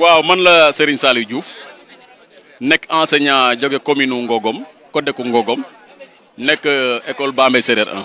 waaw man la Serigne Saliou Diouf nekk enseignant jóge commune u Ngogom Kodeku Ngogom nekk euh, école Bambey Séréer 1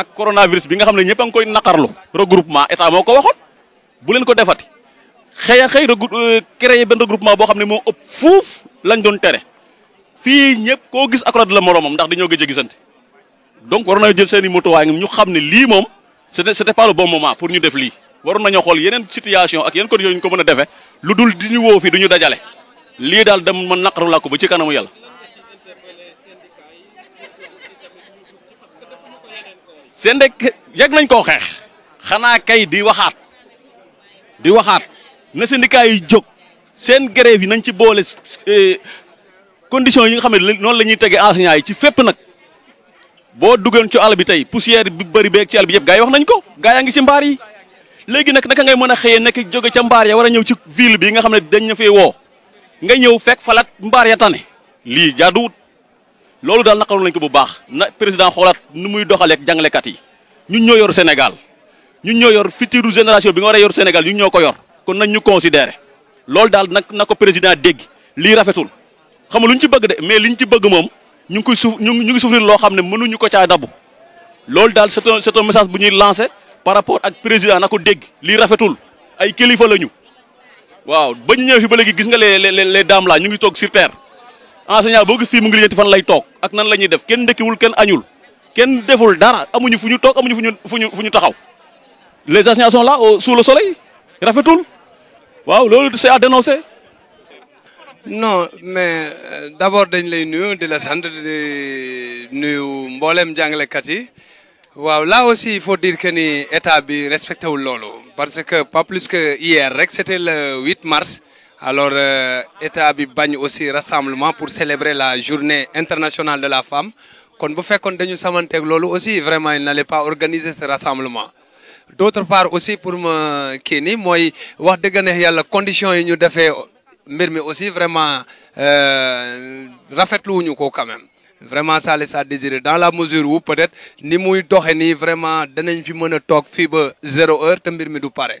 ak coronavirus bi nga xam ne ñëpp a ngi koy naqarlu regroupement état moo ko waxoon bu leen ko defati xëy a xëy euh, créer benn regroupement boo xam ne moo ëpp fuuf lañ doon tere fii ñëpp koo gis accolade la moromam ndax dañoo gëj gi gisante donc waroon nañoo jël seen i motuwaay ñu xam ne lii moom c'était c'était pas le bon pour ñu def lii waroon nañoo xool yeneen situation ak yeneen conditions yu ñu ko mën a defee lu dul di ñu woo fii du ñu dajale lii daal dem ma naqaru laa ko ba ci kanamu yàlla. seen dëkk yegg nañ koo xeex xanaa kay di waxaat di waxaat na syndicat yi jóg seen grève yi nañ ci boole eh, conditions yi nga xam ne noonu la ñuy tegee enseignants yi ci fépp nag boo duggoon ci àll bi tey poussière bi bëri beeg ci àll bi yëpp gaa yi wax nañ ko gaa yaa ngi ci mbaar yi léegi nag naka ngay mën a xëyee nekk jóge ca mbaar ya war a ñëw ci ville bi nga xam ne dañ na fee woo nga ñëw fekk falat mbaar ya tane lii jaaduwut loolu daal naqaru lañ ko bu baax na président xoolaat nu muy doxaleek jàngalekat yi ñun ñoo yor Sénégal ñun ñoo yor future génération bi nga war a yor Sénégal ñun ñoo ko yor kon nañ ñu considéré loolu daal nag na ko président dégg lii rafetul xam nga lu ci bëgg de mais li ñu ci bëgg moom ñu ngi koy suuf ñu ngi ñu ngi loo xam ne mënuñu ko caa dabb loolu daal c'est un c'est message bu ñuy lancé par rapport ak président na ko dégg lii rafetul ay kilifa lañu waaw ba ñu ba léegi gis nga les les les dames là ñu ngi toog sur enseignant bëgg fi mu ngi lijjanti fan lay tok ak nan lañuy def kenn ndekkiwul kenn añul kenn deful dara amuñu fuñu tok amuñu fuñu fuñu fuñu taxaw les enseignants sont là sous le soleil rafetul waaw lolu c'est à dénoncer. non mais euh, d'abord dañ lay nuyu di la sant di nuyu jangale kat yi waaw là aussi il faut dire que ni état bi respecté wul lolu parce que pas plus que hier rek c'était le 8 mars alors euh, état bi bañ aussi rassemblement pour célébrer la journée internationale de la femme kon bu fekkoon dañu samanteeg loolu aussi vraiment il n'allait pas organiser ce rassemblement d'autre part aussi pour ma kii nii mooy de conditions neex nous condition yi ñu mais aussi vraiment euh, rafetlu wuñu ko quand même vraiment ça laisse à désirer dans la mesure où peut-être ni muy doxe ni vraiment danañ fi mën a toog fii ba zéro heure te du pareil.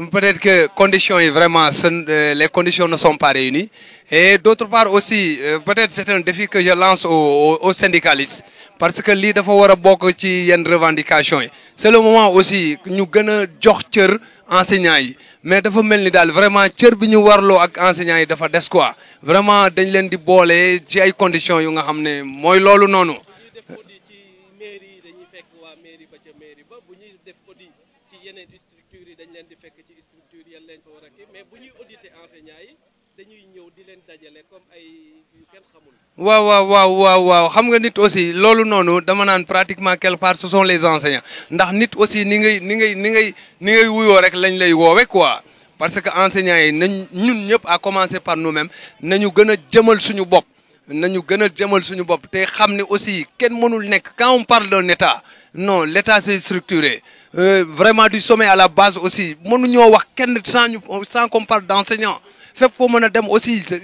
Mm, peut-être que conditions est vraiment euh, les conditions ne sont pas réunies et d'autre part aussi euh, peut-être c'est un défi que je lance aux, syndicalistes parce que là, dafa war a beaucoup ci yenn revendication c'est le moment aussi ñu nous a jox cër enseignants mais dafa faut ni vraiment cër bi ñu warloo ak enseignants yi dafa des quoi vraiment il faut di boole ci ay conditions yu nga xam ne mooy audit structure yi dañ leen di fekk ci structure yan lañ fa war a kii mais bu ñuy auditer enseignants yi dañuy ñëw di leen dajale comme ay yu kenn xamul. waaw waaw waaw waaw xam nga nit aussi loolu noonu dama naan pratiquement quelque part ce sont les enseignants ndax nit aussi ni ngay ni ngay ni ngay ni ngay wuyoo rek lañ lay woowe quoi parce que enseignants yi nañ ñun ñëpp à commencer par nous-mêmes nañu gën a jëmal suñu bopp. nañu gagnons des demal suñu bopp te xam aussi kenn mënul nekk quand on parle d'un état non l'État c'est structuré euh, vraiment du sommet à la base aussi mënuñoo wax kenn sans ñu sans qu'on parle d'enseignant. enseignant fépp foo mën dem aussi euh,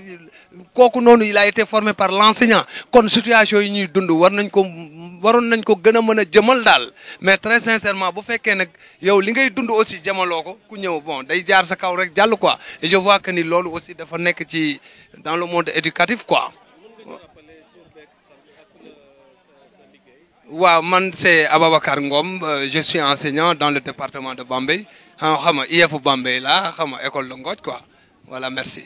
kooku noonu il a été formé par l'enseignant? Quand kon situation yi ñuy dund war nañ ko waroon nañ ko gën a jëmal mais très sincèrement bu faites nag yow li ngay dund aussi jëmaloo ku ñëw bon day jaar sa kaw rek jàll quoi et je vois que ni loolu aussi dafa nekk ci dans le monde éducatif quoi waaw man c'est Ababakar Ngom euh, je suis enseignant dans le département de Bambey ah, xam nga IEF Bambey la xam nga école de Ngothie quoi voilà merci